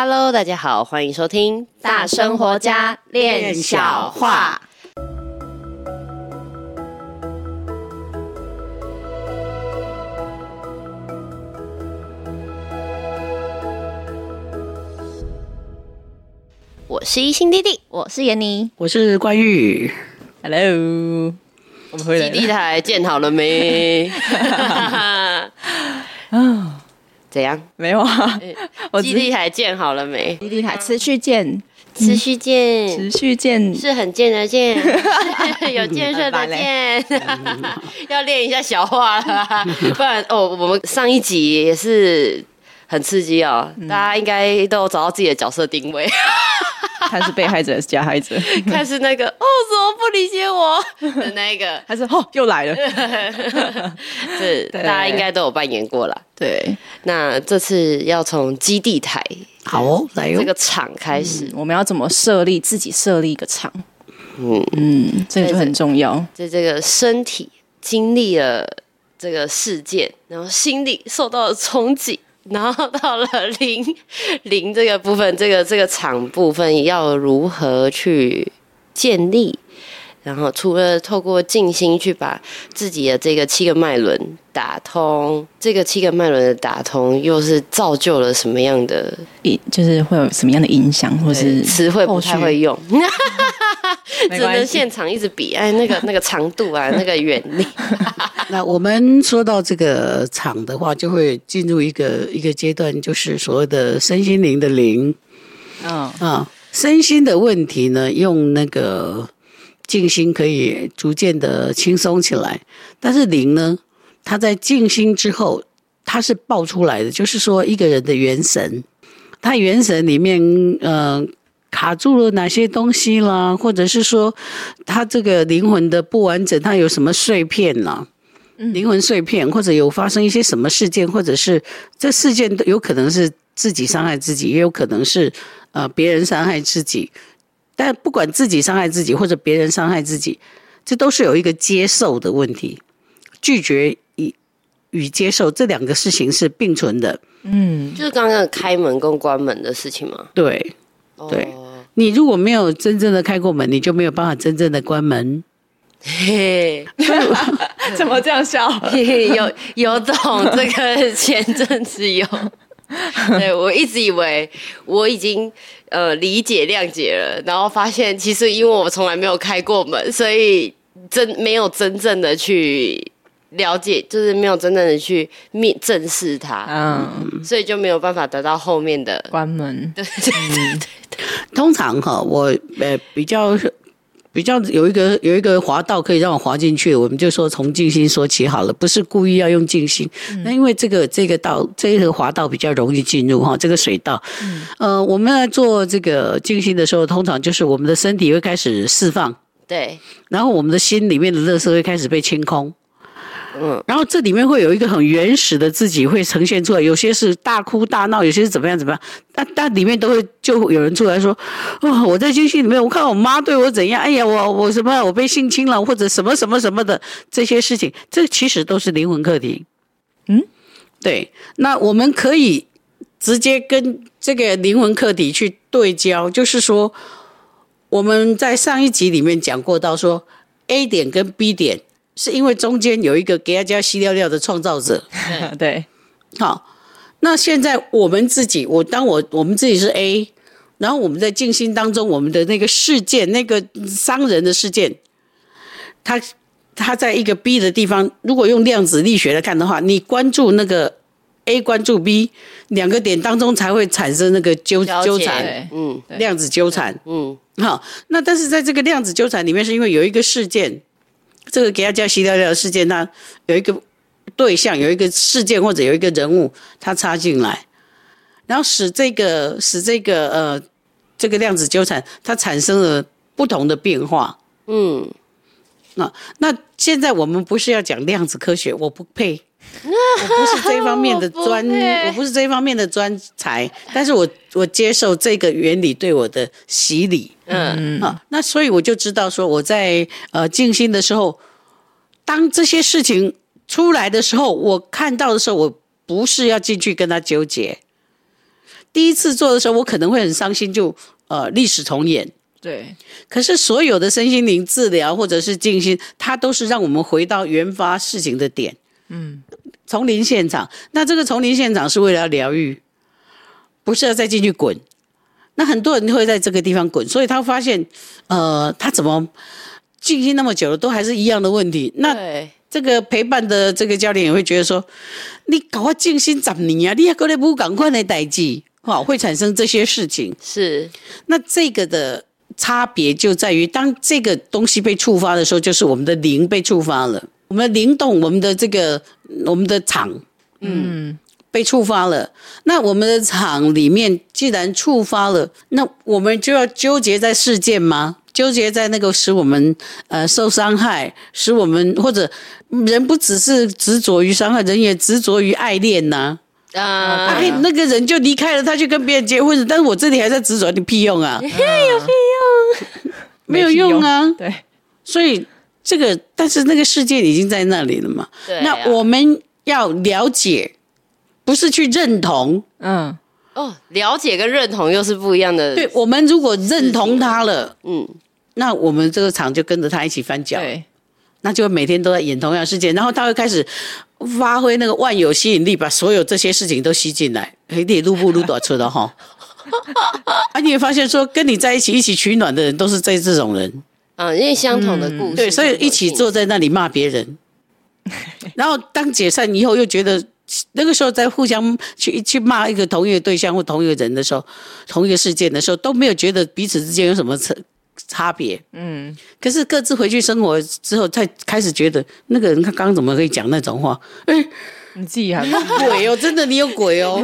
Hello，大家好，歡迎收聽大生活家練小話。小話，我是新弟弟，我是妍妮，我是怪玉。Hello，我們回來。基地台建好了沒？嗯。 怎樣？沒有啊，毅、欸、只力還建好了沒？毅力塔持續建，持續建，嗯、持續建，持續建是很建的建， 有建設的建，嗯、拜拜 要練一下小話了、啊、 不然哦，我們上一集也是。很刺激哦，大家應該都有找到自己的角色定位，他是被害者還是加害者？他是那個哦，怎麼不理解我？的那一個還是哦，又來了。這大家應該都有扮演過了。對，那這次要從基地台好來這個場開始，我們要怎麼設立自己設立一個場？嗯嗯，這個就很重要。就這個身體經歷了這個事件，然後心理受到了衝擊。然後到了靈，靈這個部分，這個這個場部分要如何去建立？然後除了透過靜心去把自己的這個七個脈輪打通，這個七個脈輪的打通又是造就了什麼樣的？影就是會有什麼樣的影響，或是詞彙不太會用。 只能現場一直比，哎，那個那個長度啊，那個遠。那我們說到這個場的話，就會進入一個一個階段，就是所謂的身心靈的靈。嗯嗯、哦啊，身心的問題呢，用那個靜心可以逐漸的輕鬆起來。但是靈呢，它在靜心之後，它是爆出來的，就是說一個人的元神，他元神裡面，嗯、呃。卡住了哪些東西啦，或者是說，他這個靈魂的不完整，他有什麼碎片啦，嗯、靈魂碎片，或者有發生一些什麼事件，或者是這事件都有可能是自己傷害自己，也有可能是呃別人傷害自己。但不管自己傷害自己，或者別人傷害自己，這都是有一個接受的問題。拒絕與與接受這兩個事情是並存的。嗯，就是剛剛開門跟關門的事情嗎？對。對，你如果沒有真正的開過門，你就沒有辦法真正的關門。嘿，嘿， 怎麼這樣笑？ 有有種 這個前陣子有，對我一直以為我已經呃理解諒解了，然後發現其實因為我從來沒有開過門，所以真沒有真正的去了解，就是沒有真正的去面正視它，嗯，所以就沒有辦法得到後面的關門。 嗯通常哈，我呃比較比較有一個有一個滑道，可以讓我滑進去，我們就說從靜心說起好了，不是故意要用靜心。那、嗯、因為這個這個道這個滑道比較容易進入哈，這個水道。嗯、呃，我們來做這個靜心的時候，通常就是我們的身體會開始釋放，對，然後我們的心裡面的垃圾會開始被清空。嗯，然後這裡面會有一個很原始的自己會呈現出來，有些是大哭大鬧，有些是怎麼樣怎麼樣，但但裡面都會就有人出來說，哦，我在軍訓裡面，我看我媽對我怎樣，哎呀，我我什麼，我被性侵了，或者什麼什麼什麼的這些事情，這其實都是靈魂課題。嗯，對，那我們可以直接跟這個靈魂課題去對焦，就是說我們在上一集裡面講過到說 A 點跟 B 點。是因為中間有一個給大家洗廖廖的創造者。嗯，對，好。那現在我們自己，我當我我們自己是 A，然後我們在靜心當中，我們的那個事件，那個傷人的事件，他他在一個 B 的地方。如果用量子力學來看的話，你關注那個 A，關注 B 兩個點當中才會產生那個糾糾纏，嗯，量子糾纏，嗯，好。那但是在這個量子糾纏裡面，是因為有一個事件。這個給他叫細聊聊事件，他有一個對象，有一個事件或者有一個人物，他插進來，然後使這個使這個呃這個量子糾纏它產生了不同的變化。嗯，那那現在我們不是要講量子科學，我不配。我不是這方面的專，我不，我不是這方面的專才，但是我我接受這個原理對我的洗禮，嗯嗯，啊，那所以我就知道說，我在呃靜心的時候，當這些事情出來的時候，我看到的時候，我不是要進去跟他糾結。第一次做的時候，我可能會很傷心就，就呃歷史重演。對，可是所有的身心靈治療或者是靜心，它都是讓我們回到原發事情的點。嗯，叢林現場，那這個叢林現場是為了要療癒，不是要再進去滾。那很多人會在這個地方滾，所以他發現，呃，他怎麼靜心那麼久了，都還是一樣的問題。那這個陪伴的這個教練也會覺得說，對你搞我靜心怎尼啊？你也過來不趕快來待機，哈， 會產生這些事情。是，那這個的差別就在於，當這個東西被觸發的時候，就是我們的靈被觸發了。我們的靈動，我們的這個，我們的場，嗯，被觸發了。那我們的場裡面既然觸發了，那我們就要糾結在事件嗎？糾結在那個使我們呃受傷害，使我們或者人不只是執着於傷害，人也執着於愛戀吶啊，啊，啊、哎！那個人就離開了，他就跟別人結婚了。但是我這裡還在執着，有屁用啊？沒有屁用，沒有用啊！ 對，所以。這個，但是那個世界已經在那裡了嘛。對啊。那我們要了解，不是去認同。嗯。哦，了解跟認同又是不一樣的。對，我們如果認同他了，嗯，那我們這個場就跟着他一起翻腳，對。那就每天都在演同樣的事件，然後他會開始發揮那個萬有吸引力，把所有這些事情都吸進來，可以擼布擼短車的哈。 啊，你會發現說，跟你在一起一起取暖的人都是在這種人。啊，因為相同的故事、嗯，對，所以一起坐在那裡罵別人， 然後當解散以後，又覺得那個時候在互相去去罵一個同一個對象或同一個人的時候，同一個事件的時候，都沒有覺得彼此之間有什麼差差別。嗯，可是各自回去生活之後，才開始覺得那個人他剛剛怎麼可以講那種話？嗯、欸。你， 哦、你有鬼哦！真的，你有鬼哦！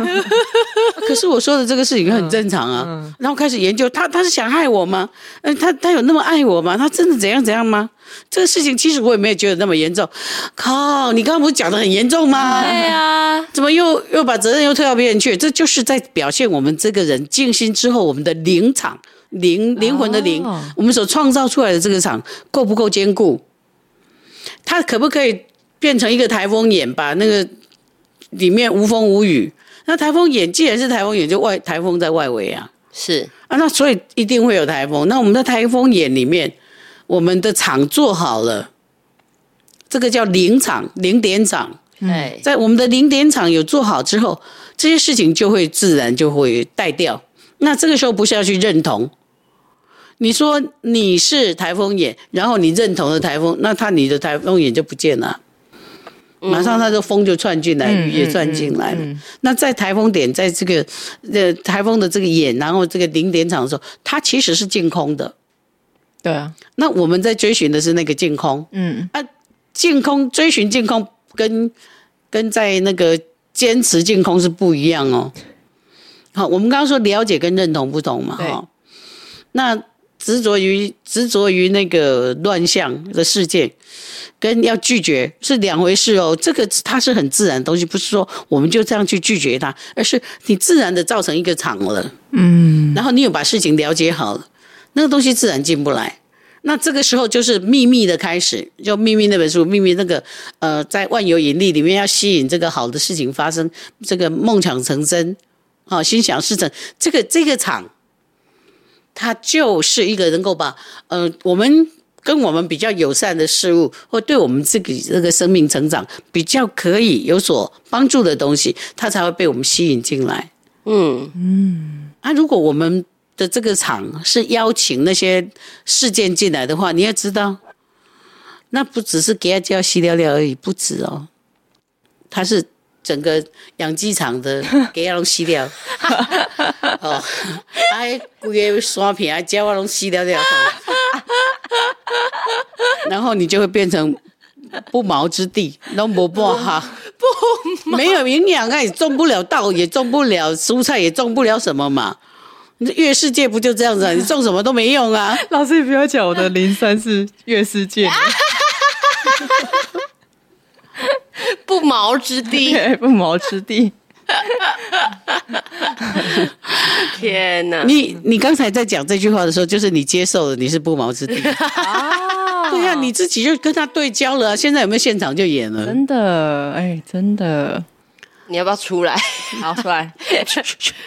可是我說的這個事情很正常啊。然後開始研究，他他是想害我嗎？他他有那麼愛我嗎？他真的怎樣怎樣嗎？這個事情其實我也沒有覺得那麼嚴重。靠，你剛剛不是講的很嚴重嗎？對呀，怎麼又又把責任又推到別人去？這就是在表現我們這個人靜心之後，我們的靈場靈靈魂的靈，我們所創造出來的這個場夠不夠堅固？他可不可以變成一個台風眼？把那個裡面無風無雨，那颱風眼既然是颱風眼，就外颱風在外圍啊。是啊，那所以一定會有颱風。那我們在颱風眼裡面，我們的場做好了，這個叫零場零點場、嗯、在我們的零點場有做好之後，這些事情就會自然就會帶掉。那這個時候不是要去認同，你說你是颱風眼，然後你認同了颱風，那他你的颱風眼就不見了。馬上，它的風就竄進來，雨也竄進來了。那在台風點，在這個呃、這個、台風的這個眼，然後這個零點場的時候，它其實是淨空的。對啊。那我們在追尋的是那個淨空。嗯。啊，淨空追尋淨空跟，跟跟在那個堅持淨空是不一樣哦。好，我們剛剛說了解跟認同不同嘛？哈對、哦。那。執着於執着於那個亂象的事件，跟要拒絕是兩回事哦。這個它是很自然的東西，不是說我們就這樣去拒絕它，而是你自然的造成一個場了。嗯，然後你有把事情了解好了，那個東西自然進不來。那這個時候就是秘密的開始，就秘密那本書，秘密那個呃，在萬有引力裡面要吸引這個好的事情發生，這個夢想成真，啊，心想事成，這個這個場。他就是一個能夠把呃，我們跟我們比較友善的事物，或對我們自己這個生命成長比較可以有所幫助的東西，他才會被我們吸引進來。嗯嗯，那、嗯啊、如果我們的這個場是邀請那些事件進來的話，你要知道，那不只是給它叫吸尿尿而已，不止哦，它是。整個養雞場的雞都死掉， 哦，哎，不規個山片鳥啊都死掉掉，哦、 然後你就會變成不毛之地，那麼不好哈，不，不毛沒有營養、哎，你種不了稻，也種不了蔬菜，也種不了什麼嘛。你這月世界不就這樣子啊？你種什麼都沒用啊。 老師，你不要講，我的靈山是月世界。 不毛之地，不毛之地。 天哪！你你剛才在講這句話的時候，就是你接受了你是不毛之地。哦、 對呀、啊，你自己就跟他對焦了、啊。現在有沒有現場就演了？真的，哎，真的。你要不要出來？ 好，出來。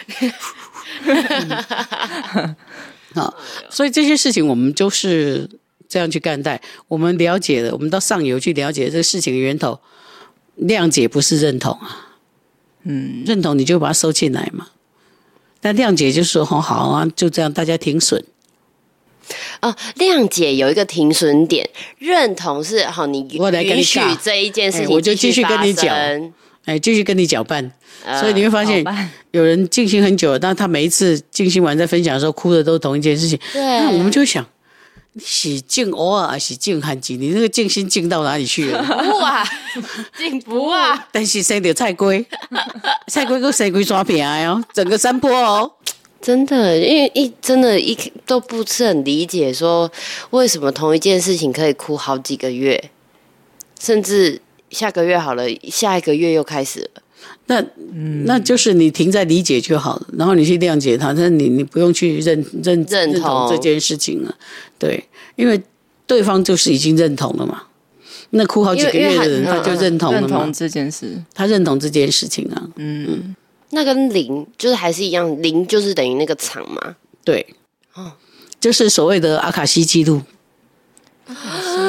好，所以這些事情我們就是這樣去看待。我們了解了，我們到上游去了解了這個事情的源頭。諒解不是認同啊，嗯，認同你就把它收進來嘛。但諒解就是說，哦，好啊，就這樣，大家停損。啊、哦，諒解有一個停損點，認同是好、哦，你允許這一件事情、哎，我就繼續跟你講，哎，繼續跟你攪拌。嗯、所以你會發現，吧有人靜心很久，但他每一次靜心完在分享的時候，哭，的都是同一件事情。對那我們就想，是靜偶啊，還是靜旱金？你那個靜心靜到哪裡去了？富 啊，進步啊， 但是生到菜龜，菜龜跟蛇龜抓平哎，整個山坡哦， 真的，因為一真的一，一都不是很理解，說為什麼同一件事情可以哭好幾個月，甚至下個月好了，下一個月又開始了。那，嗯、那就是你停在理解就好了，然後你去諒解他，那你你不用去認認認同、認同這件事情了，對，因為對方就是已經認同了嘛，那哭好幾個月的人他就認同了嘛，因為因為，嗯、認同這件事，他認同這件事情啊，嗯，嗯，那跟靈就是還是一樣，靈就是等於那個場嘛，對，哦，就是所謂的阿卡西記錄，阿卡西，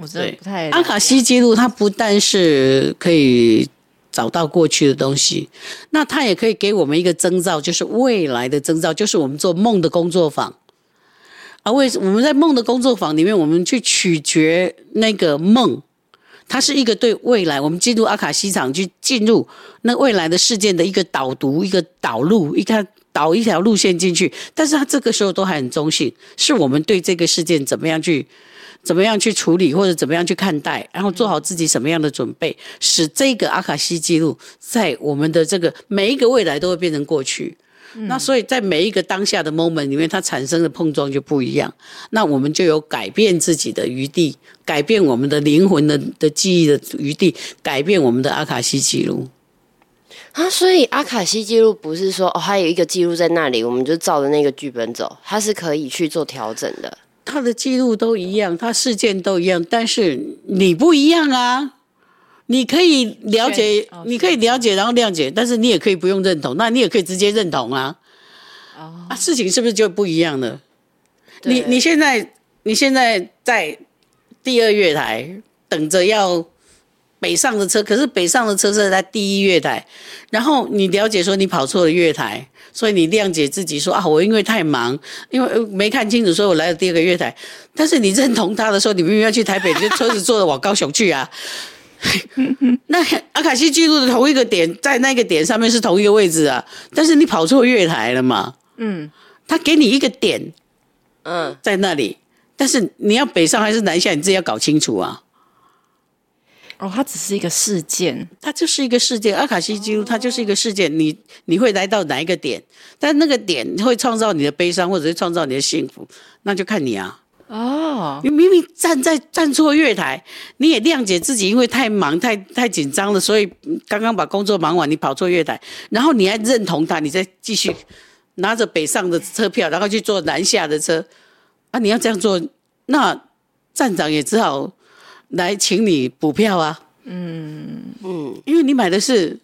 我真的不太，記錄。阿卡西記錄它不但是可以。找到過去的東西，那它也可以給我們一個徵兆，就是未來的徵兆，就是我們做夢的工作坊。啊，為什麼我們在夢的工作坊裡面，我們去取決那個夢，它是一個對未來，我們進入阿卡西場去進入那未來的事件的一個導讀、一個導路、一個導一條路線進去。但是它這個時候都還很中性，是我們對這個事件怎麼樣去。怎麼樣去處理，或者怎麼樣去看待，然後做好自己什麼樣的準備，使這個阿卡西記錄在我們的這個每一個未來都會變成過去。嗯。那所以在每一個當下的 moment 裡面，它產生的碰撞就不一樣。那我們就有改變自己的餘地，改變我們的靈魂的的記憶的餘地，改變我們的阿卡西記錄。啊，所以阿卡西記錄不是說哦，還有一個記錄在那裡，我們就照着那個劇本走，它是可以去做調整的。他的記錄都一樣，他事件都一樣，但是你不一樣啊！你可以了解，哦、你可以了解，然後諒解，但是你也可以不用認同，那你也可以直接認同啊！哦、啊，事情是不是就不一樣了？對你你現在你現在在第二月台等着要。北上的車，可是北上的車是在第一月台，然後你了解說你跑錯了月台，所以你諒解自己說啊，我因為太忙，因為沒看清楚，所以我來了第二個月台。但是你認同他的時候，你明明要去台北，這車子坐着往高雄去啊。 那阿卡西記錄的同一個點，在那個點上面是同一個位置啊，但是你跑錯月台了嘛？嗯，他給你一個點，嗯，在那裡，但是你要北上還是南下，你自己要搞清楚啊。哦，它只是一個事件，它就是一個事件。阿卡西記錄，它就是一個事件。你你會來到哪一個點？但那個點會創造你的悲傷，或者是創造你的幸福，那就看你啊。哦，你明明站在站錯月台，你也諒解自己，因為太忙、太太緊張了，所以剛剛把工作忙完，你跑錯月台，然後你還認同他，你再繼續拿着北上的車票，然後去坐南下的車啊！你要這樣做，那站長也只好。來，請你補票啊！嗯嗯，因為你買的是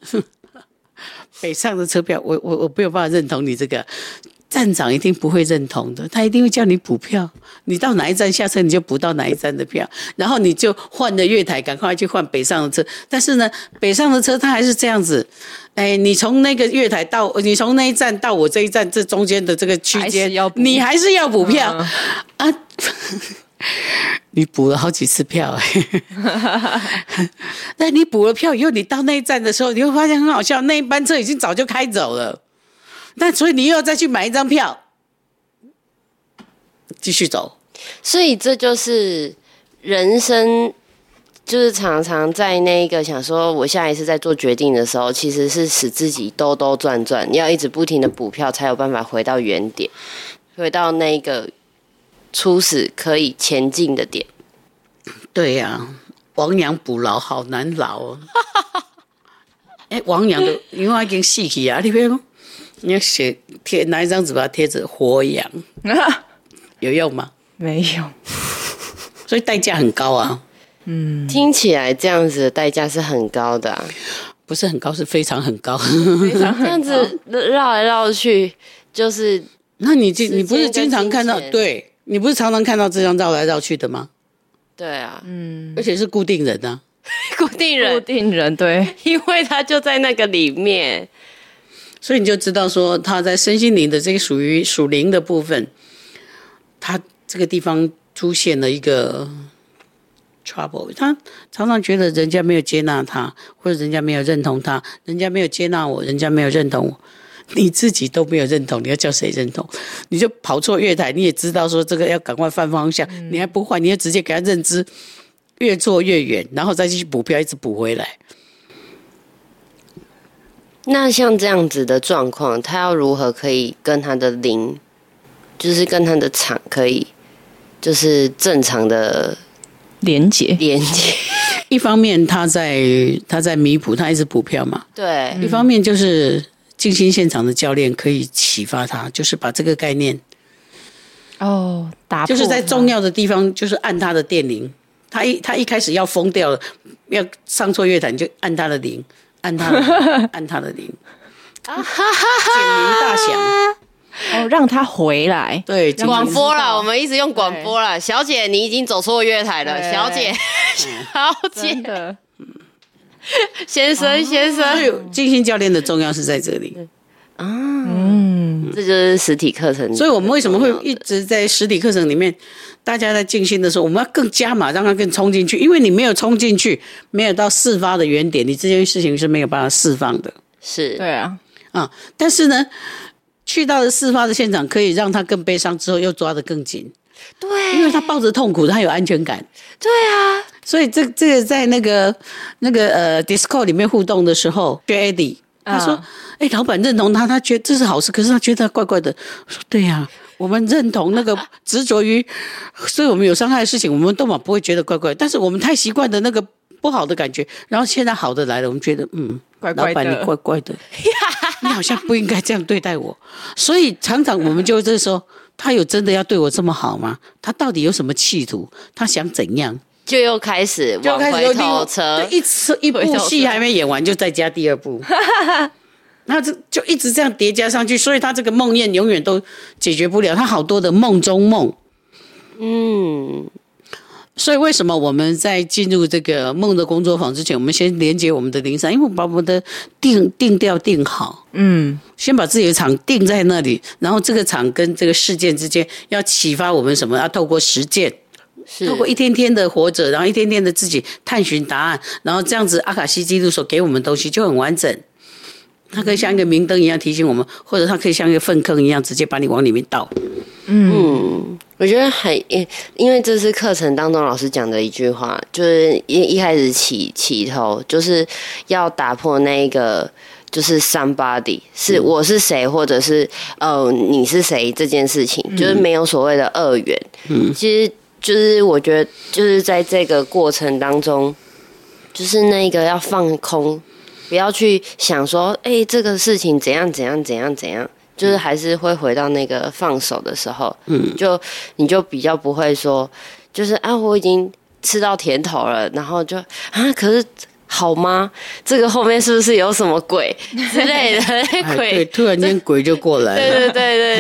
北上的車票，我我我沒有辦法認同你，這個站長一定不會認同的，他一定會叫你補票。你到哪一站下車，你就補到哪一站的票，然後你就換了月台，趕快去換北上的車。但是呢，北上的車它還是這樣子，哎，你從那個月台到，你從那一站到我這一站，這中間的這個區間，你還是要補票啊。你補了好幾次票哎， 但你補了票以後，你到那一站的時候，你會發現很好笑，那一班車已經早就開走了。那所以你又要再去買一張票，繼續走。 所以這就是人生，就是常常在那個想說我下一次再做決定的時候，其實是使自己兜兜轉轉，你要一直不停的補票，才有辦法回到原點，回到那個。初始可以前進的點，對呀、啊，亡羊補牢，好難牢哦。哎、 欸，亡羊的，因為已經死去啊，你別弄。你要寫貼拿一張紙把它貼着活羊， 有用嗎？ 沒有，所以代價很高啊。嗯，聽起來這樣子的代價是很高的、啊，不是很高，是非常很高。這樣子繞來繞去，就是……那你經你不是經常看到對？你不是常常看到這張繞來繞去的嗎？對啊，嗯，而且是固定人啊，固定人，固定人，對，因為他就在那個裡面，所以你就知道說他在身心靈的這個屬於屬靈的部分，他這個地方出現了一個 trouble，他常常覺得人家沒有接納他，或者人家沒有認同他，人家沒有接納我，人家沒有認同我。你自己都沒有認同，你要叫誰認同？你就跑錯月台，你也知道說這個要趕快換方向，嗯、你還不換，你就直接給他認知越做越遠，然後再去補票，一直補回來。那像這樣子的狀況，他要如何可以跟他的零，就是跟他的廠可以，就是正常的連結連結。一方面他在他在彌補，他一直補票嘛。對。一方面就是。嗯靜心現場的教練可以啟發他，就是把這個概念哦，打破，就是在重要的地方，就是按他的電鈴。他一他一開始要瘋掉了，要上錯月台，你就按他的鈴，按他的，按他的鈴，啊哈哈！警鈴大響， 哦，讓他回來。對，廣播了，我們一直用廣播了。對小姐，你已經走錯月台了，對小姐，對小姐。 先生，哦、先生，所以靜心教練的重要是在這裡，嗯，嗯，這就是實體課程。所以我們為什麼會一直在實體課程裡面？大家在靜心的時候，我們要更加碼，讓他更衝進去。因為你沒有衝進去，沒有到事發的原點，你這件事情是沒有辦法釋放的。是，對啊，啊，但是呢，去到了事發的現場，可以讓他更悲傷，之後又抓得更緊。對，因為他抱着痛苦，他有安全感。對啊，所以這這個在那個那個呃，disco 裡面互動的時候，Jade，他說：“哎、嗯欸，老闆認同他，他覺得這是好事。可是他覺得他怪怪的。”我說：“對呀、啊，我們認同那個執着於， 所以我們有傷害的事情，我們都嘛不會覺得怪怪。但是我們太習慣的那個不好的感覺，然後現在好的來了，我們覺得嗯，怪怪的，老闆你怪怪的，你好像不應該這樣對待我。 所以常常我們就這說。”他有真的要對我這麼好嗎？他到底有什麼企圖？他想怎樣？就又開始，就開始又另一車，一車一部戲還沒演完，就再加第二部。那這 就一直這樣疊加上去，所以他這個夢魘永遠都解決不了。他好多的夢中夢，嗯。所以，為什麼我們在進入這個夢的工作坊之前，我們先連接我們的靈山，因為我們把我們的定定調定好。嗯，先把自己的場定在那裡，然後這個場跟這個事件之間要啟發我們什麼啊？要透過實踐，透過一天天的活着，然後一天天的自己探尋答案，然後這樣子，阿卡西記錄所給我們東西就很完整。它可以像一個明燈一樣提醒我們，或者它可以像一個糞坑一樣直接把你往裡面倒。嗯。嗯我覺得還因因為這是課程當中老師講的一句話，就是一一開始起起頭就是要打破那一個就是 somebody 是我是誰或者是呃你是誰這件事情，就是沒有所謂的二元。嗯，其實就是我覺得就是在這個過程當中，就是那個要放空，不要去想說，哎、欸，這個事情怎樣怎樣怎樣怎樣。就是還是會回到那個放手的時候，嗯、就你就比較不會說，就是啊，我已經吃到甜頭了，然後就啊，可是好嗎？這個後面是不是有什麼鬼 之類的、哎、對鬼？突然間鬼就過來 對對對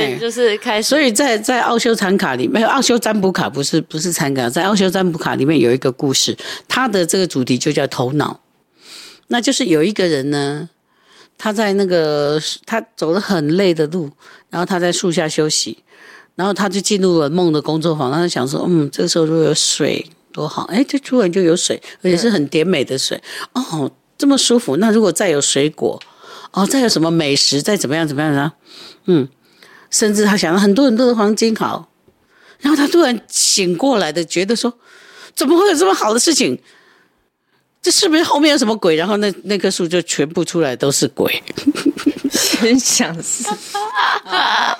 對，就是開始。所以在在奧修禪卡裡，沒有奧修占卜卡，不，不是不是禪卡，在奧修占卜卡裡面有一個故事，它的這個主題就叫頭腦。那就是有一個人呢。他在那個他走了很累的路，然後他在樹下休息，然後他就進入了夢的工作坊。他就想說，嗯，這個時候如果有水多好，哎，這突然就有水，而且是很甜美的水，哦，這麼舒服。那如果再有水果，哦，再有什麼美食，再怎麼樣怎麼樣呢、啊？嗯，甚至他想到很多很多的黃金，好。然後他突然醒過來的，覺得說，怎麼會有這麼好的事情？這是不是後面有什麼鬼？然後那那棵樹就全部出來都是鬼。 先想死、啊！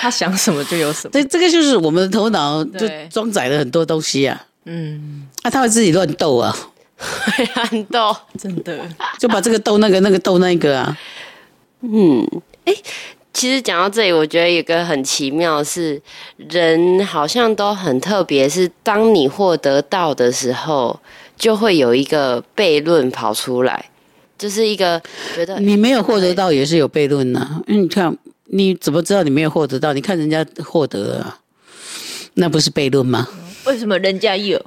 他想什麼就有什麼。對，這個就是我們的頭腦就裝載了很多東西啊。嗯對，啊，他會自己亂鬥啊，亂鬥、嗯，真的 就把這個鬥那個，那個鬥那個啊。嗯，哎，其實講到這裡，我覺得有一個很奇妙是，人好像都很特別，是當你獲得到的時候。就會有一個悖論跑出來，就是一個覺得你沒有獲得到也是有悖論吶、啊。因、嗯、你看你怎麼知道你沒有獲得到？你看人家獲得了、啊，那不是悖論嗎？為什麼人家有？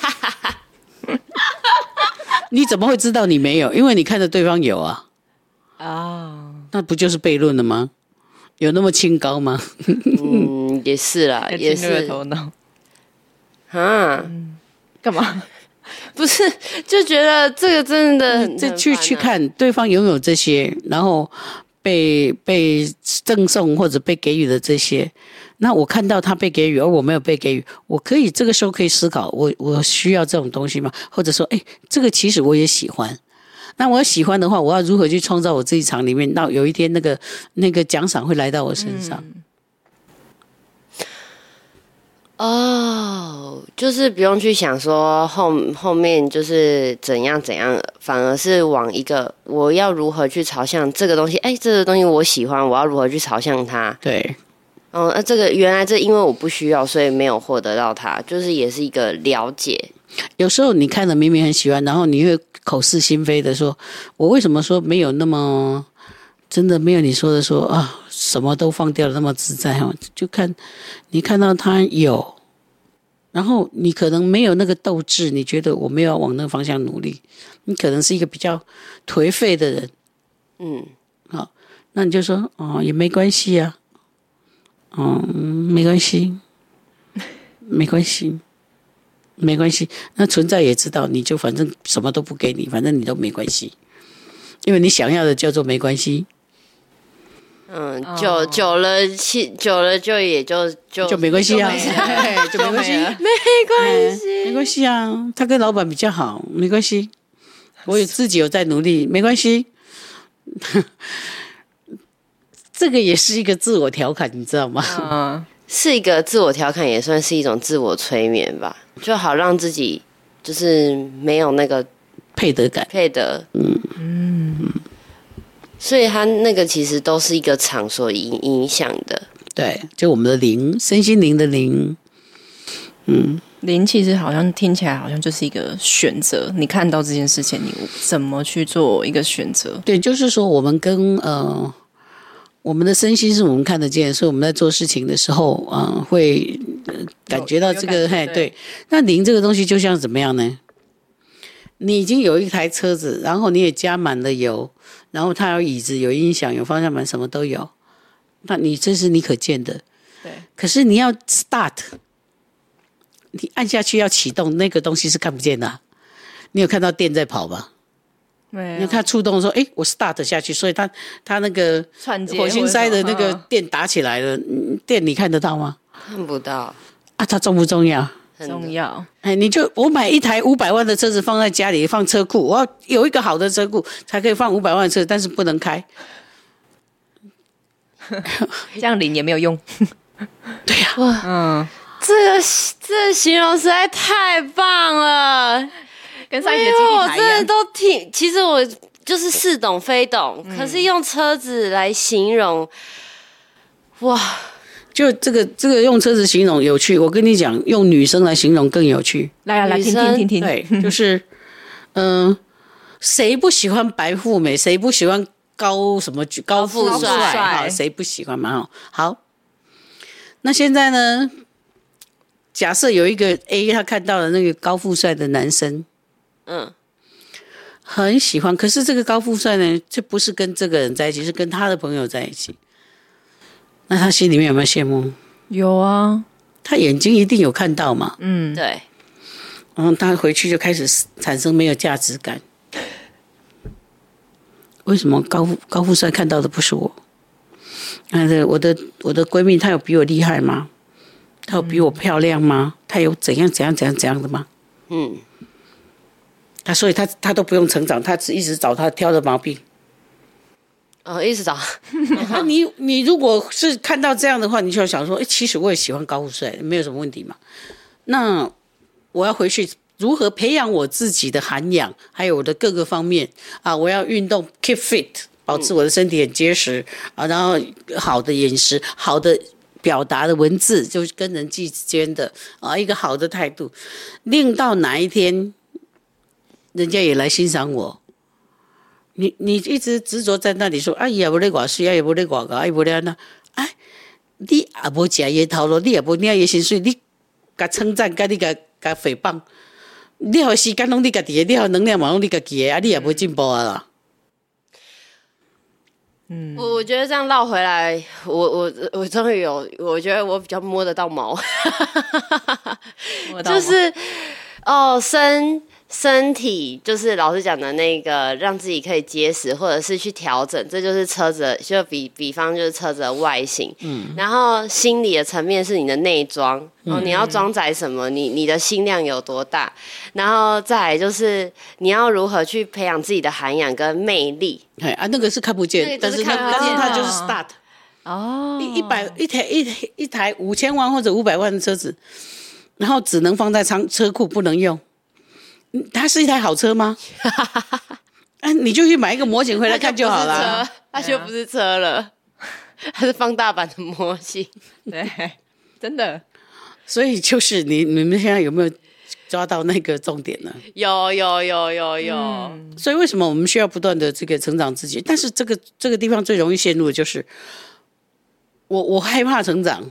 你怎麼會知道你沒有？因為你看着對方有啊。啊，Oh. 那不就是悖論了嗎？有那麼清高嗎？ 嗯，也是啦，也是。頭腦啊，是 Huh. 幹嘛？ 不是，就覺得這個真的，就、嗯啊、去去看對方擁有這些，然後被被贈送或者被給予的這些，那我看到他被給予，而、哦、我沒有被給予，我可以這個時候可以思考，我我需要這種東西嗎？或者說，誒，這個其實我也喜歡，那我喜歡的話，我要如何去創造我自己場裡面，那有一天那個那個獎賞會來到我身上。嗯哦，oh, 就是不用去想說後後面就是怎樣怎樣，反而是往一個我要如何去朝向這個東西。哎，這個東西我喜歡，我要如何去朝向它？對，嗯，那、啊、這個原來這因為我不需要，所以沒有獲得到它，就是也是一個了解。有時候你看着明明很喜歡，然後你會口是心非的說，我為什麼說沒有那麼真的沒有你說的說啊？什麼都放掉了，那麼自在哦，就看，你看到他有，然後你可能沒有那個鬥志，你覺得我沒有要往那個方向努力，你可能是一個比較頹廢的人，嗯，好，那你就說哦，也沒關係啊，嗯，沒關係。沒關係，沒關係，沒關係，那存在也知道，你就反正什麼都不給你，反正你都沒關係，因為你想要的叫做沒關係。嗯，久、嗯、久了，久久了就也就就就沒關係啊，就， 就沒關係、欸，沒關係，沒關係啊。他跟老闆比較好，沒關係。我也自己有在努力，沒關係。 這個也是一個自我調侃，你知道嗎？嗯、是一個自我調侃，也算是一種自我催眠吧，就好讓自己就是沒有那個配得感，配得，嗯嗯。所以，它那個其實都是一個場所影影響的。對，就我們的靈，身心靈的靈，嗯，靈其實好像聽起來好像就是一個選擇。你看到這件事情，你怎麼去做一個選擇？對，就是說，我們跟呃，我們的身心是我們看得見，所以我們在做事情的時候，嗯、呃，會、呃、感覺到這個。嘿，對。對那靈這個東西就像怎麼樣呢？你已經有一台車子，然後你也加滿了油。然後它有椅子、有音響、有方向盤，什麼都有。那你這是你可見的，對。可是你要 start，你按下去要啟動那個東西是看不見的、啊。你有看到電在跑嗎？對。因為它觸動說，哎，我是 start 下去，所以它它那個火星塞的那個電打起來了，結嗯、電你看得到嗎？看不到。啊，它重不重要？重要哎、欸，你就我買一台五百萬的車子放在家裡，放車庫，我要有一個好的車庫才可以放五百萬的車，但是不能開，這 樣靈也沒有用。 對呀、啊，哇嗯、這個，這個這形容實在太棒了，跟上一節我真的都聽，其實我就是似懂非懂，嗯、可是用車子來形容，哇。就這個這個用車子形容有趣，我跟你講，用女生來形容更有趣。來來、啊、來，女生聽聽聽聽，對，就是，嗯、呃，誰不喜歡白富美？誰不喜歡高什麼高富帥，高富帥？誰不喜歡嘛？蠻好。好，那現在呢？假設有一個 A，他看到了那個高富帥的男生，嗯，很喜歡。可是這個高富帥呢，卻不是跟這個人在一起，是跟他的朋友在一起。那他心裡面有沒有羨慕？有啊，他眼睛一定有看到嘛。嗯，對。然後他回去就開始產生沒有價值感。為什麼高高富帥看到的不是我？那我的我的我的閨蜜，她有比我厲害嗎？她有比我漂亮嗎？嗯，她有怎樣怎樣怎樣怎樣的嗎？嗯，他所以她她都不用成長，她只一直找她挑着毛病。哦，意思到。那你你如果是看到這樣的話，你就要想說，哎，其實我也喜歡高富帥，沒有什麼問題嘛。那我要回去如何培養我自己的涵養，還有我的各個方面啊？我要運動，keep fit，保持我的身體很結實、嗯、啊。然後好的飲食，好的表達的文字，就是跟人際之間的啊，一個好的態度，令到哪一天，人家也來欣賞我。你你一直執着在那裡說，哎、啊，也不得寡說，也不得寡講，也不得那，哎、啊啊，你也不吃野頭咯，你也不念野薪水，你，你，甲稱讚，甲你甲甲誹謗，你號時間攏你家己個，你號能量嘛攏你家己個，啊，你也不進步啊啦。嗯，我我覺得這樣繞回來，我我我終於有，我覺得我比較摸得到毛， 就是哦身。身體就是老師講的那個，讓自己可以結實，或者是去調整，這就是車子。就比比方就是車子的外形，嗯，然後心理的層面是你的內裝，哦、嗯，你要裝載什麼，你你的心量有多大，然後再來就是你要如何去培養自己的涵養跟魅力。對啊，那個是看不見，是但是但是它就是 start。哦，一一百一台一台一台五千萬或者五百萬的車子，然後只能放在倉車庫，不能用。它是一台好車嗎？ 啊，你就去買一個模型回來看就好了。它就不是車了，啊，它是放大版的模型。對，真的。所以就是你你們現在有沒有抓到那個重點呢？有有有有有。有有有有嗯，所以為什麼我們需要不斷的這個成長自己？但是這個這個地方最容易陷入的就是，我我害怕成長。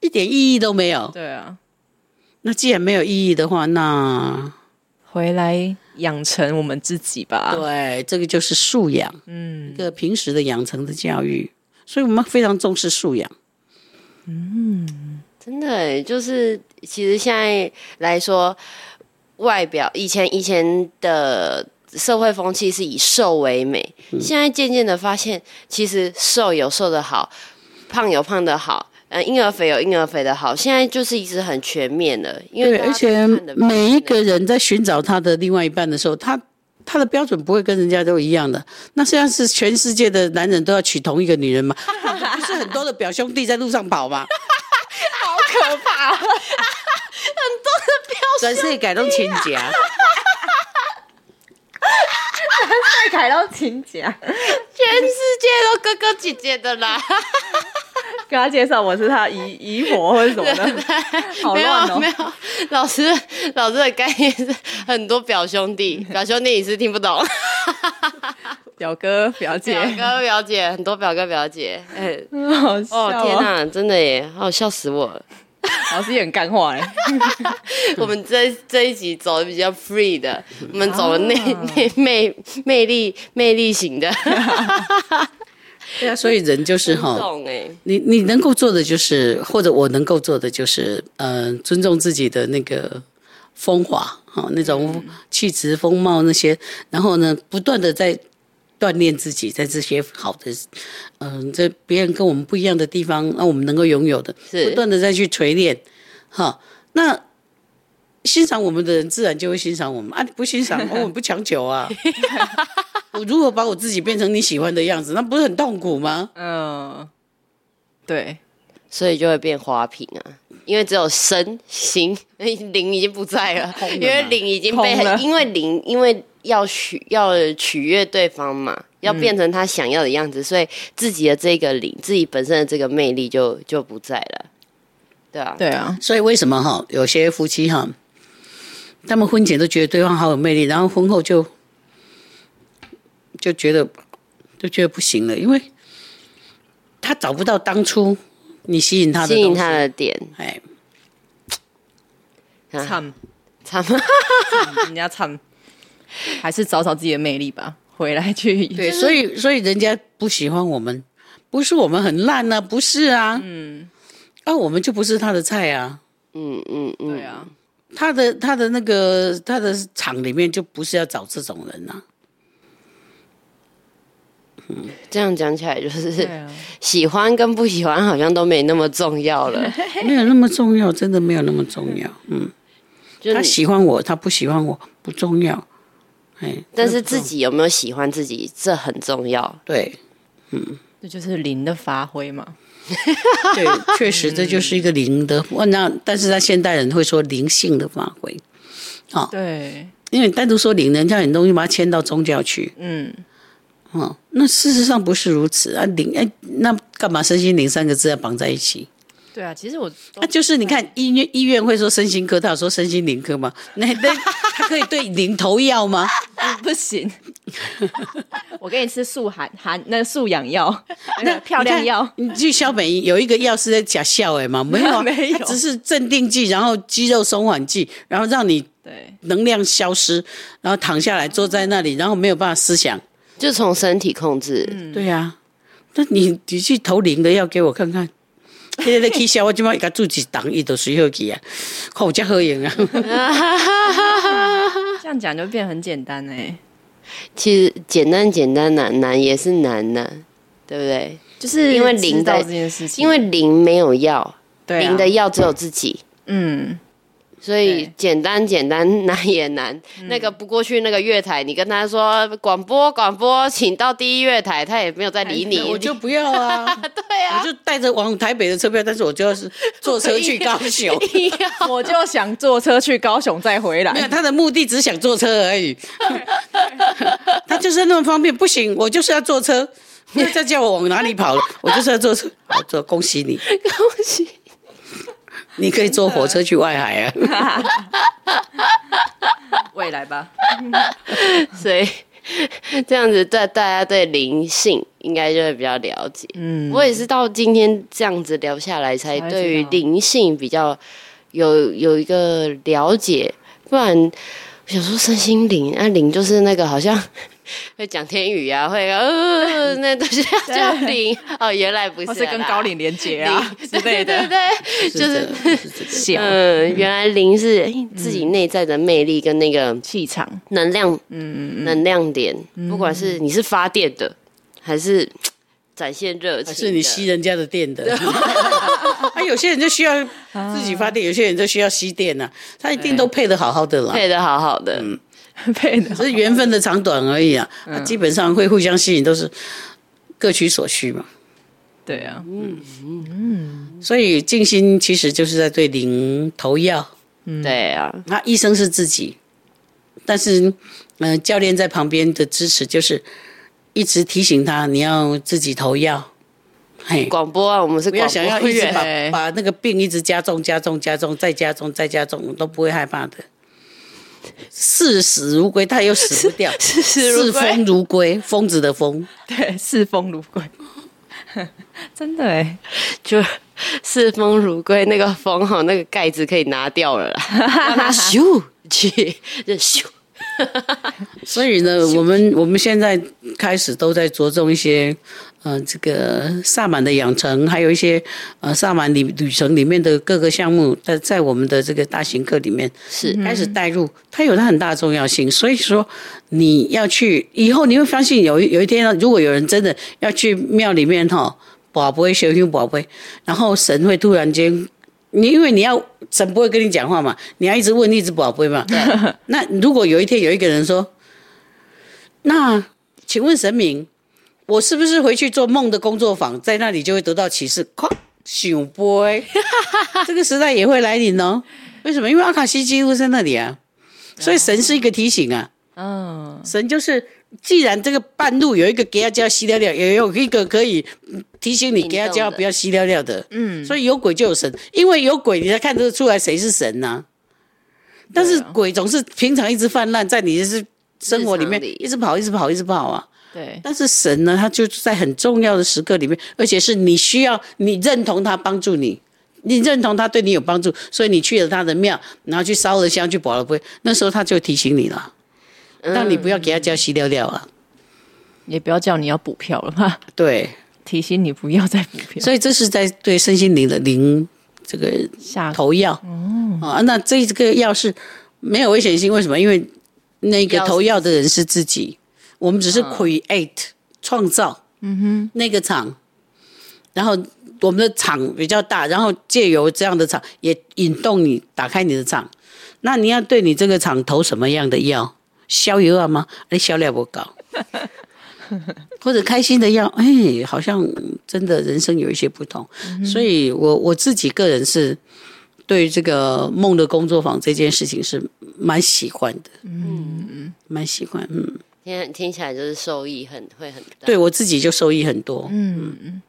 一點意義都沒有。對啊，那既然沒有意義的話，那回來養成我們自己吧。對，這個就是素養，嗯，一個平時的養成的教育。所以我們非常重視素養。嗯，真的就是，其實現在來說，外表以前，以前的社會風氣是以瘦為美，嗯，現在漸漸的發現，其實瘦有瘦的好，胖有胖的好。嗯，嬰兒肥有嬰兒肥的好，現在就是一直很全面的，因為而且每一個人在尋找他的另外一半的時候，他他的標準不會跟人家都一樣的。那像是全世界的男人都要娶同一個女人嗎？不是，不是很多的表兄弟在路上跑嗎？ 好可怕！很多的表兄弟、啊，專設改動情節，改動情節，全世界都哥哥姐姐的啦。 跟他介紹我是他姨姨婆或者什麼的，的好亂哦、喔。沒有，沒有。老師老師的概念是很多表兄弟，表兄弟你是聽不懂。 表哥表姐，表哥表姐，很多表哥表姐。哎、欸嗯，好、喔、哦！天哪、啊，真的耶，好、哦、笑死我了。老師也很幹話哎。 我們這這一集走的比較 free 的，我們走的、啊、魅魅魅力魅力型的。 對啊，所以人就是哈，欸、你你能夠做的就是，或者我能夠做的就是，嗯、呃，尊重自己的那個風華哈、呃，那種氣質風貌那些，嗯、然後呢，不斷的在鍛鍊自己，在這些好的，嗯、呃，在別人跟我們不一樣的地方，讓我們能夠擁有的，是不斷的再去錘煉哈、呃。那欣賞我們的人，自然就會欣賞我們啊，你不欣賞我們、哦、不強求啊。 我如果把我自己變成你喜歡的樣子，那不是很痛苦嗎？嗯、呃，對，所以就會變花瓶啊。因為只有身心靈已經不在了，了因為靈已經被很，了因為靈因為要取要取悅對方嘛，要變成他想要的樣子，嗯、所以自己的這個靈，自己本身的這個魅力就就不在了。對啊，對啊。所以為什麼哈有些夫妻哈，他們婚前都覺得對方好有魅力，然後婚後就。就覺得就覺得不行了，因為他找不到當初你吸引他的吸引他的點。哎，慘慘，人家慘，還是找找自己的魅力吧，回來去。對，所以所以人家不喜歡我們，不是我們很爛啊，不是啊。嗯，那、啊、我們就不是他的菜啊。嗯嗯，對、嗯、啊，嗯、他的他的那個他的廠裡面就不是要找這種人啊。嗯、這樣講起來就是，喜歡跟不喜歡好像都沒那麼重要了，沒有那麼重要，真的沒有那麼重要。嗯，你他喜歡我，他不喜歡我不重要。但是自己有沒有喜歡自己，這很重要。對，嗯，這就是靈的發揮嘛。 對，確實這就是一個靈的，嗯、我那但是在現代人會說靈性的發揮。啊、哦，對，因為你單獨說靈，人家很多東西把它牽到宗教去，嗯。哦，那事實上不是如此啊！靈哎，那幹嘛“身心靈”三個字要綁在一起？對啊，其實我那就是你看醫院，醫院會說身心科，他有說身心靈科嗎？那那他可以對靈頭藥嗎？嗯，不行， 我給你吃素含含那素養藥，那，那漂亮藥。你，你去小北有一個藥是在假笑哎嘛？沒有沒有，它只是鎮定劑，然後肌肉鬆緩劑，然後讓你對能量消失，然後躺下來坐在那裡，然後沒有辦法思想。就從身體控制，嗯、對呀、啊，那你你去投靈的藥給我看看，現在那 K 小我今媽一個自己擋一坨水喝起啊，看我家喝贏啊，這樣講就變很簡單哎。其實簡單簡單難、啊、難也是難的、啊、對不對？就是因為靈在這件事情，因為靈沒有藥，靈、啊、的藥只有自己，嗯。所以對簡單簡單難也難，嗯、那個不過去那個月台，你跟他說廣播廣播，請到第一月台，他也沒有在理你，你我就不要啊。 對啊，我就帶着往台北的車票，但是我就要是坐車去高雄， 我就想坐車去高雄再回來。沒有，他的目的，只想坐車而已。 他就是那麼方便，不行，我就是要坐車。你 再叫我往哪裡跑了？我就是要坐車。好坐，恭喜你，恭喜。你可以坐火車去外海啊！真的啊、 未來吧。所以這樣子對大家對靈性應該就會比較了解。嗯，我也是到今天這樣子聊下來，才對於靈性比較有有一個了解。不然，我想說身心靈，啊靈就是那個好像。會講天語啊，會呃，那都是叫靈哦。原來不是，是跟高靈連接啊，之類的。對對對，就是笑。嗯，原來靈是自己內在的魅力跟那個氣場、能量，嗯，能量點，不管是你是發電的，還是展現熱情，還是你吸人家的電的，啊，有些人就需要自己發電，有些人就需要吸電啊。他一定都配得好好的啦，配得好好的。只是緣分的長短而已啊！嗯、啊基本上會互相吸引，都是各取所需嘛。對啊，嗯嗯，所以靜心其實就是在對靈投藥。嗯、對啊，那、啊、醫生是自己，但是嗯、呃，教練在旁邊的支持就是一直提醒他，你要自己投藥。嘿，廣播啊，我們是播、啊、嘿不要想要一直把嘿把那個病一直加重、加重、加重、再加重、再加重，我都不會害怕的。視死如歸，他又死不掉。視瘋，瘋，瘋，瘋如歸，瘋 子的瘋耶。對，視瘋如歸，真的哎，就視瘋如歸那個瘋哈，那個蓋子可以拿掉了啦，咻去就咻。 所以呢， 我們我們現在開始都在着重一些。嗯、呃，這個薩滿的養成，還有一些呃薩滿旅旅程裡面的各個項目，在在我們的這個大型課裡面是開始帶入，它有它很大的重要性。所以說，你要去以後，你會發現有一有一天，如果有人真的要去廟裡面哈，博、哦、杯，修行博杯，然後神會突然間，你因為你要，神不會跟你講話嘛，你要一直問，你一直博杯嘛。對那如果有一天有一個人說，那請問神明？我是不是回去做夢的工作坊，在那裡就會得到啟示？哈醒哈，這個時代也會來臨呢？為什麼？因為阿卡西紀錄在那裡啊，所以神是一個提醒啊。嗯，神就是，既然這個半路有一個給阿嬌吸掉掉，也有一個可以提醒你給阿嬌不要吸掉掉的。嗯，所以有鬼就有神，因為有鬼，你才看得出來誰是神啊。但是鬼總是平常一直泛濫在你的是生活裡面，一直跑，一直跑，一直跑啊。對，但是神呢？他就在很重要的時刻裡面，而且是你需要、你認同他幫助你，你認同他對你有幫助，所以你去了他的廟，然後去燒了香，去保了符，那時候他就提醒你了，嗯、但你不要給他叫西溜溜啊，也不要叫你要補票了嘛。對，提醒你不要再補票，所以這是在對身心靈的靈這個投藥。哦，嗯、啊，那這個藥是沒有危險性，為什麼？因為那個投藥的人是自己。我們只是 create 創、uh huh. 造那個場，uh huh. 然後我們的場比較大，然後借由這樣的場也引動你打開你的場，那你要對你這個場投什麼樣的藥？消油啊嗎？哎、啊，銷量不高， 或者開心的藥，哎，好像真的人生有一些不同，uh huh. 所以我，我我自己個人是對於這個夢的工作坊這件事情是蠻喜歡的，嗯、uh huh. 嗯，嗯蠻喜歡，嗯。聽聽起來就是收益很會很大，對我自己就收益很多。嗯嗯，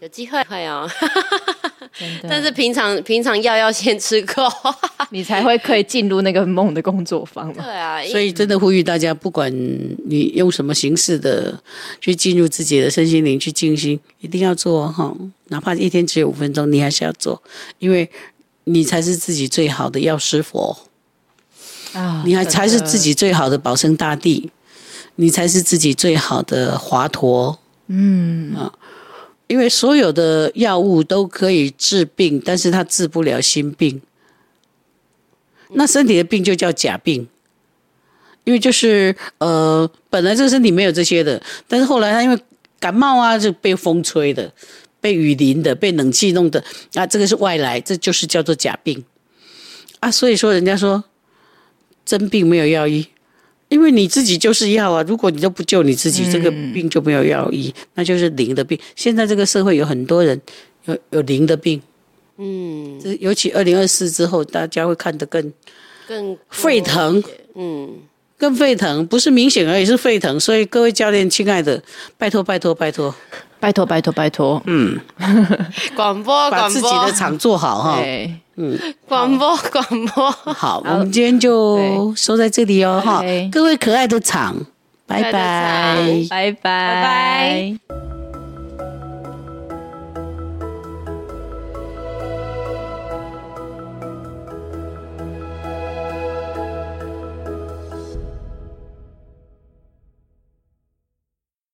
有機會會哦， 的但是平常平常藥要，要先吃夠， 你才會可以進入那個夢的工作坊嘛。對啊，所以真的呼籲大家，不管你用什麼形式的去進入自己的身心靈去靜心，一定要做哈，哪怕一天只有五分鐘，你還是要做，因為你才是自己最好的藥師佛。你還才是自己最好的保生大帝，你才是自己最好的華佗。嗯啊，因為所有的藥物都可以治病，但是他治不了心病。那身體的病就叫假病，因為就是呃，本來這個身體沒有這些的，但是後來他因為感冒啊，就被風吹的、被雨淋的、被冷氣弄的，啊，這個是外來，這就是叫做假病啊。所以說，人家說。真病，沒有藥醫，因為你自己就是藥啊！如果你都不救你自己，嗯、這個病就沒有藥醫，那就是靈的病。現在這個社會有很多人有有靈的病，嗯，尤其二零二四之後，大家會看得更更多沸騰，嗯，更沸騰，不是明顯而已，是沸騰。所以各位教練，親愛的，拜託拜託拜託，拜託拜託拜託，嗯廣播，廣播，把自己的場做好哈。嗯嗯，廣播廣播，播好， 好好，我們今天就收在這裡哦，哈對，各位可愛的場，對拜拜，拜拜，拜拜。拜拜拜拜。